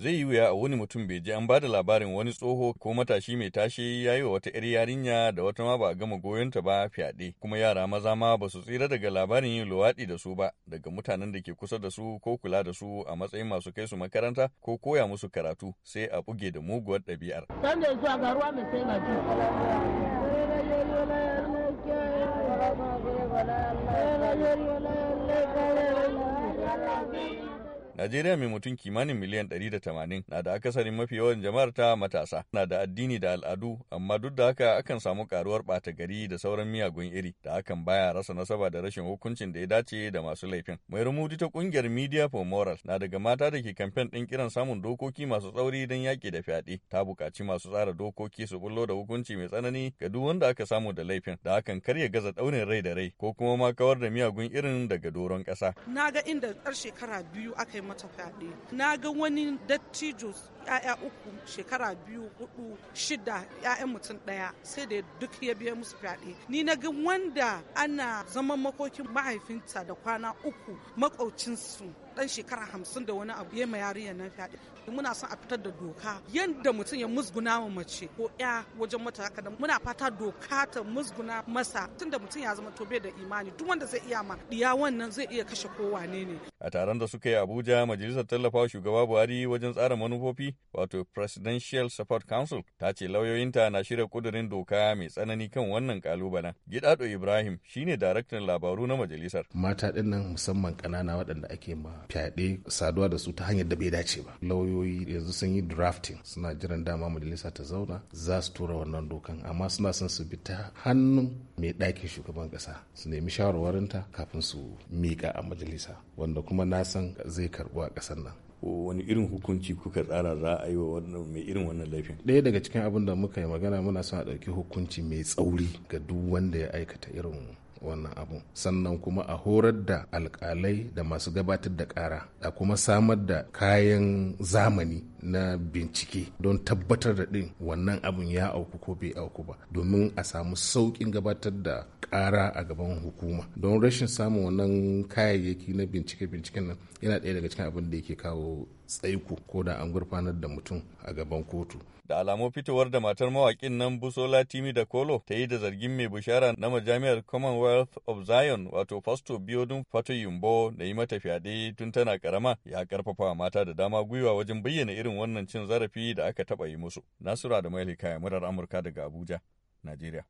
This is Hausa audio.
zai yi wuya a wani mutum bai ji an ba da labarin wani tsoho ko matashi mai tashe ya yi wa wata 'yar yarinya da wata ma ba a gama goyonta ba fyaɗe kuma yara maza ma ba su tsira daga labarin yin luwaɗi da su ba daga mutanen da ke kusa da su ko kula da su a matsayin masu kai su makaranta ko koya musu karatu sai a buge da muguwar ɗabi'ar. Najeriya mai mutum kimanin miliyan 180 na da akasarin mafi yawan jama'ar ta matasa na da addini da al'adu amma duk da haka akan samu karuwar bata gari da sauran miyagun iri da akan baya rasa nasaba da rashin hukuncin da ya dace da masu laifin. Mai rumudi ta kungiyar Media for Moral na daga mata da ke kamfen ɗin kiran samun dokoki masu tsauri don yaki da fyaɗe ta buƙaci masu tsara dokoki su bullo da hukunci mai tsanani ga duk wanda aka samu da laifin da hakan karya gaza ɗaurin rai da rai ko kuma ma kawar da miyagun irin daga doron ƙasa. Na ga inda ƙarshe shekara biyu aka yi mata fyaɗe na ga wani dattijo ya'ya uku shekara biyu hudu shida ya'yan mutum ɗaya sai da duk ya biya musu fyaɗe ni na ga wanda ana zaman makokin mahaifinta da kwana uku makaucinsu. dan shekara hamsin da wani abu ya ma yarinya nan fyaɗe muna son a fitar da doka yadda mutum ya musguna ma mace ko ya wajen mata haka da muna fata doka ta musguna masa tunda mutum ya zama tobe da imani duk wanda zai iya ma diya wannan zai iya kashe kowane ne a taron da suka yi abuja majalisar tallafawa shugaba buhari wajen tsara manufofi wato presidential support council ta ce lauyoyinta na shirya kudurin doka mai tsanani kan wannan kalubalen gidado ibrahim shine daraktan labaru na majalisar mata dinnan musamman kanana waɗanda ake ma fyaɗe saduwa da su ta hanyar da bai dace ba lauyoyi yanzu sun yi drafting suna jiran dama majalisa ta zauna za su tura wannan dokan amma suna son su bi ta hannun mai ɗakin shugaban ƙasa su nemi shawarwarinta kafin su miƙa a majalisa wanda kuma na san zai karɓu a ƙasar nan wani irin hukunci kuka tsara za a yi wa mai irin wannan laifin ɗaya daga cikin abin da muka yi magana muna son a ɗauki hukunci mai tsauri ga duk wanda ya aikata irin wannan abu sannan kuma a horar da alkalai da masu gabatar da kara a kuma samar da kayan zamani na bincike don tabbatar da din wannan abun ya auku ko bai auku ba domin a samu sauƙin gabatar da ƙara a gaban hukuma don rashin samun wannan kayayyaki na bincike-binciken nan yana ɗaya daga cikin abin da yake kawo tsaiku ko da an gurfanar da mutum a gaban kotu da alamu fitowar da matar mawaƙin nan Busola Timi da Kolo ta yi da zargin mai bishara na majami'ar Commonwealth of Zion wato Fasto Biodun Fato Yumbo da yi mata fyaɗe tun tana karama ya karfafa mata da dama gwiwa wajen bayyana irin wannan cin zarafi da aka taɓa yi musu. Nasura da Maili Kaya murar Amurka daga Abuja, Najeriya.